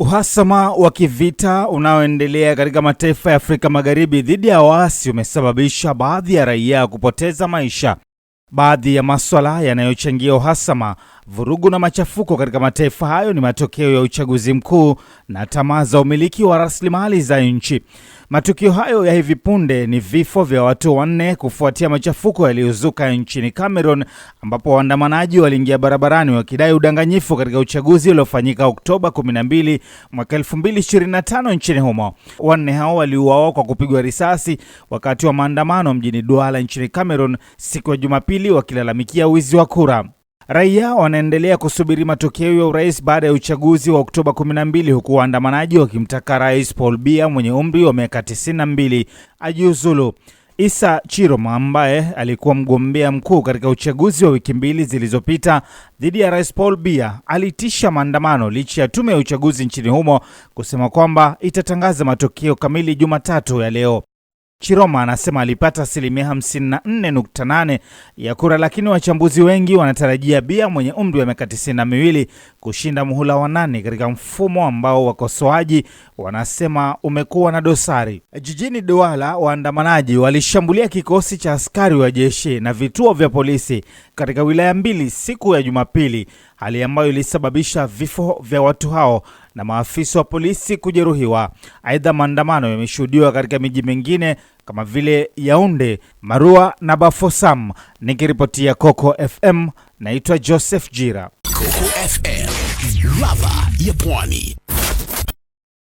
Uhasama wa kivita unaoendelea katika mataifa ya Afrika Magharibi dhidi ya waasi umesababisha baadhi ya raia kupoteza maisha. Baadhi ya maswala yanayochangia uhasama Vurugu na machafuko katika mataifa hayo ni matokeo ya uchaguzi mkuu na tamaa za umiliki wa rasilimali za nchi. Matukio hayo ya hivi punde ni vifo vya watu wanne kufuatia machafuko yaliyozuka nchini Cameroon, ambapo waandamanaji waliingia barabarani wakidai udanganyifu katika uchaguzi uliofanyika Oktoba 12 mwaka 2025 nchini humo. Wanne hao waliuawa kwa kupigwa risasi wakati wa maandamano mjini Douala nchini Cameroon siku ya Jumapili, wakilalamikia wizi wa kura. Raia wanaendelea kusubiri matokeo ya urais baada ya uchaguzi wa Oktoba 12 huku waandamanaji wakimtaka Rais Paul Biya mwenye umri wa miaka 92 ajiuzulu. Isa Chiroma ambaye alikuwa mgombea mkuu katika uchaguzi wa wiki mbili zilizopita dhidi ya Rais Paul Biya alitisha maandamano licha ya tume ya uchaguzi nchini humo kusema kwamba itatangaza matokeo kamili Jumatatu ya leo. Chiroma anasema alipata asilimia 54.8 ya kura, lakini wachambuzi wengi wanatarajia bia mwenye umri wa miaka tisini na miwili kushinda muhula wa nane katika mfumo ambao wakosoaji wanasema umekuwa na dosari. Jijini Douala, waandamanaji walishambulia kikosi cha askari wa jeshi na vituo vya polisi katika wilaya mbili siku ya Jumapili, hali ambayo ilisababisha vifo vya watu hao na maafisa wa polisi kujeruhiwa. Aidha, maandamano yameshuhudiwa katika miji mingine kama vile Yaunde, Marua na Bafosam. Nikiripotia Coco FM, naitwa Joseph Jira. Coco FM, ladha ya pwani.